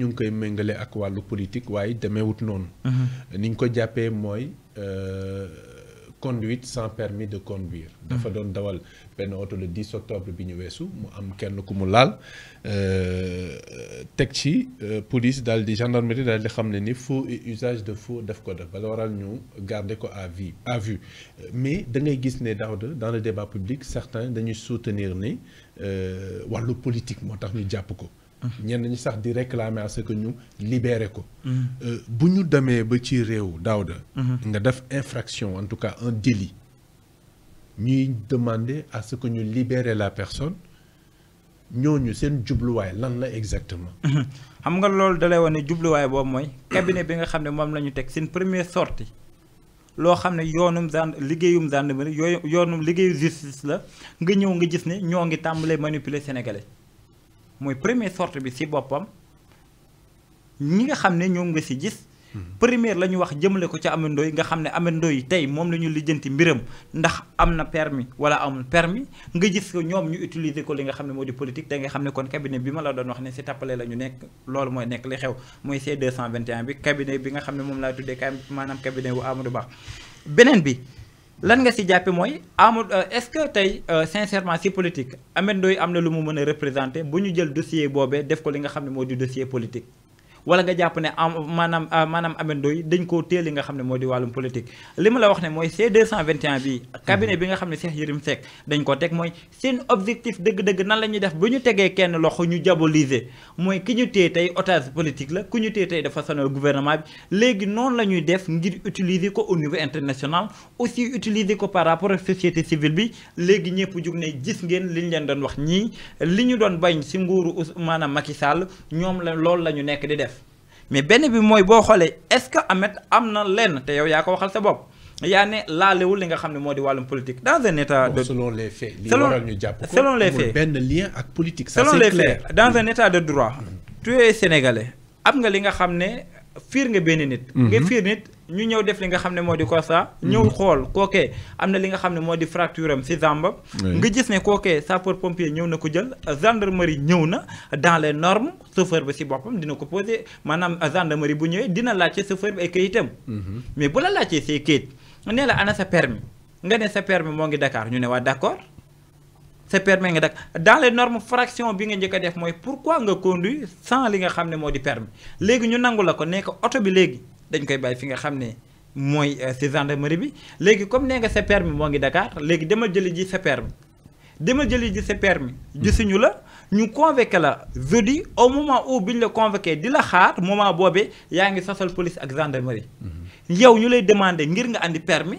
ñu koy mengalé ak walu politique waye demeewut noonu. Mhm. ni ñu ko moy euh conduite sans permis de conduire. Mhm. dafa don dawal benn auto le 10 octobre bi ñu weesu mu am kenn ku mu laal euh, teg ci euh, police dal di gendarmerie dal di xamné ni faux et usage de faux def ko def bala waral ñu garder ko à vie à vue mais da ngay gis né daaw dans le débat public certains dañuy soutenir ni euh, walu politique motax ñu japp ko ñen ñi sax di réclamer à ce que ñu libéré ko. Mm-hmm. Euh, bu ñu démé ba ci réew Daouda. Mm-hmm. nga def infraction en tout cas un délit. ñuy demander à ce que ñu libérer la personne ñoñu seen jubluwaay lan la exactement. Mm-hmm. xam nga lool da lay wax ne jubluwaay boobu mooy. cabinet bi nga xam ne moom la ñu seen première sortie lo xam ne yoonum zand liggéeyum gendarmerie yooyu yoonum liggéeyu justice la nga ñew nga gis ne ñoo ngi tàmbalee manipuler sénégalais. mooy première sortie bi si boppam ñi nga xam ne ñoom nga si gis. Mhm. première la ñu wax jëmale ko ca amandoo yi nga xam ne amandoo yi tey moom la ñu lijjanti mbiram ndax am na permis wala amul permis nga gis ko ñoom ñu utiliser ko li nga xam ne moo di politique da nga xam ne kon cabinet bi ma la doon wax ne si tappale la ñu nekk loolu mooy nekk li xew mooy C221 bi cabinet bi nga xam ne moom laa tuddee ka maanaam cabinet wu Amadou baax beneen bi. lan nga si jàppe mooy amul euh, est-ce que tey euh, sincèrement si politique Ameth Ndoye am na lu mu mën a représenter bu ñu jël dossier boobee def ko li nga xam ne moo di dossier politique wala nga jàpp ne am maanaam ah, maanaam amendo yi dañ koo téye li nga xam ne moo di wàllum politique li ma la wax ne mooy C221 bi cabinet bi nga xam ne Cheikh Yérim sekk dañ ko teg mooy seen objectif dëgg-dëgg nan la ñuy def ba ñu tegee kenn loxo ñu diaboliser mooy ki ñu téye tey otage politique la ku ñu téye tey dafa sone gouvernement bi léegi noonu la ñuy def ngir utiliser ko au niveau international aussi utiliser ko par rapport ak société civile bi léegi ñëpp jug ne gis ngeen liñ leen doon wax ñii li ñu doon bañ si nguuru maanaam Macky Sall ñoom la loolu la ñu nekk di def mais benn bi mooy boo xoolee est-ce que Ameth am na lenn te yow yaa ko waxal sa bopp yaa ne laalewul li nga xam ne moo di wàllum politique dans un état de selon les faits li waral ñu selon les faits benn lien ak politique ça c'est clair dans un état de droit mm. tu es sénégalais am nga li nga xam ne fiir nga benn nit. Mhm. nga fiir nit ñu ñëw def li nga xam ne moo di constat. Mhm. ñëw xool kookee am na li nga xam ne moo di fracture am si zamba. nga gis ne kookee sapeur pompier ñëw na ko jël gendarmerie ñëw na dans les normes chauffeur bi si boppam dina ko posé maanaam gendarmerie bu ñëwee dina laajte chauffeur bi ay këyitam. Mhm. mais bu la laajtee say këyit nee la ana sa permis nga ne sa permis moo ngi Dakar ñu ne waa d'accord. ça permet nga dak dans les normes fraction bi nga njëkk def moy pourquoi nga conduit sans li nga xamné modi permis légui ñu nangu la ko nekk bi légui dañ koy bay fi nga xamné moy mooy euh, gendarmerie bi légui comme né nga ce permis moo ngi Dakar légui demal jëli ji ce permis demal jëli ji ce permis jissuñu la ñu convoqué la jeudi au moment où biñ la convoqué dila xaar moment bobé yaangi sasal police ak gendarmerie hmm. yow ñu lay demander ngir nga andi permis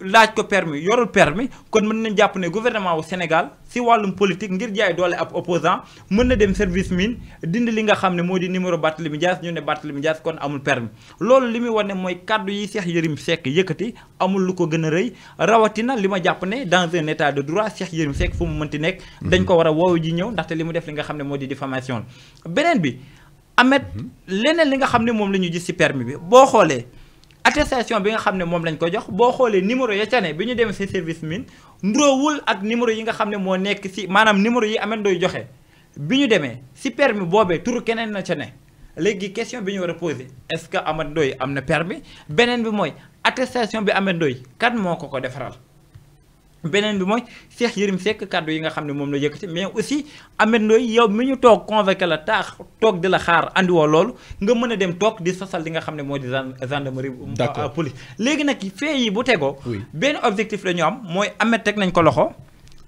laaj ko permis yorul permis kon mën nañ jàpp ne gouvernement wu Sénégal si wàllum politique ngir jaay doole ab opposant mën na dem service mine dindi li nga xam ne moo di numéro Barthélémy Dias ñu ne Barthélémy Dias kon amul permis loolu li muy wane mooy kàddu yi Cheikh Yérim Seck yëkkati amul lu ko gën a rëy rawatina li ma jàpp ne dans un état de droit Cheikh Yérim Seck fu mu mënti nekk mhm. dañ ko war a woowu ji ñëw ndaxte li mu def li nga xam ne moo di diffamation beneen bi amet mhm. leneen li nga xam ne moom la ñu gis si permis bi boo xoolee atestation bi nga xam ne moom lañ ko jox boo xoolee numéro ya ca ne bi ñu demee si service mine nduroowul ak numéro yi nga xam ne moo nekk si maanaam numéro yi ameen dooy joxe bi ñu demee si permis boobee turu keneen na ca ne léegi question bi ñu war a posé est-ce que Ameth am na permis beneen bi mooy attestation bi Ameth Ndoye kan moo ko ko defaral benen bi moy Cheikh Yérim Seck cadeau yi nga xamne mom la yëkëti mais aussi Ameth Ndoye yow miñu tok toog convoqué la tax tok di la xaar andi wo loolu nga mëna dem tok di sosal li nga xamne ne moo di gendarmerie euh, police légui nak fi yi bu tégo ben objectif la ñu am moy Ameth teg nañ ko loxo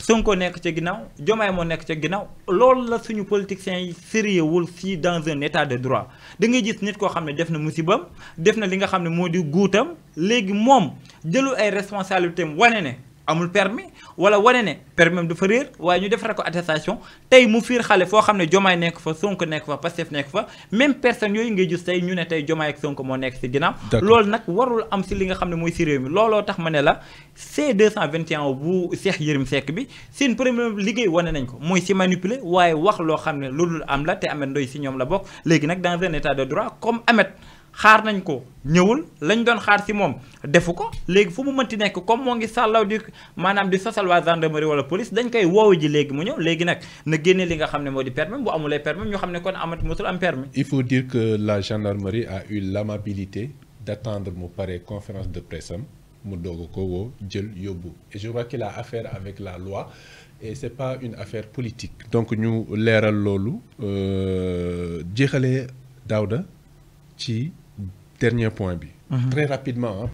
Sonko nekk ci ginnaw jomay mo nekk ci ginnaw loolu la suñu politiciens yi sérieux wul fii dans un état de droit da ngay gis nit koo xam ne def na musibam def na li nga xam ne moo di guutam léegi moom jëlul ay responsabilités wane ne amul permis wala wone ne permis am fa reer way ñu defare ko attestation tay mu fiir xalé fo xam jomay jomaay nekk fa sonk nekk fa passef nekk fa même personne yoy ngay gis tay ñu ne tey jomaay ak sonk mo nekk ci ginnaaw lool nak warul am ci li nga xam moy mooy si mi loolo tax ma ne la C221 bu Cheikh Yérim Seck bi seen premier liggéey wone nañ ko moy ci manipuler waaye wax lo xam loolul am la te amé ndoy ci ñom la bok léegi nak dans un état de droit comme Ameth xaar nañ ko ñëwul lañ doon xaar si moom defu ko léegi fu mu mënti nekk comme moo ngi sàllaw di maanaam di sosal waa gendarmerie wala police dañ koy woowu ji léegi mu ñëw léegi nag na génne li nga xam ne moo di permis bu amulee permis ñu xam ne kon amati mosul am permis il faut dire que la gendarmerie a eu l'amabilité d'attendre mu pare conférence de presse am mu doog ko woo jël yóbbu et je vois qu'il a affaire avec la loi et c'est pas une affaire politique donc ñu leeral loolu euh, jeexale Daouda ci dernier point B, mm-hmm. très rapidement hein.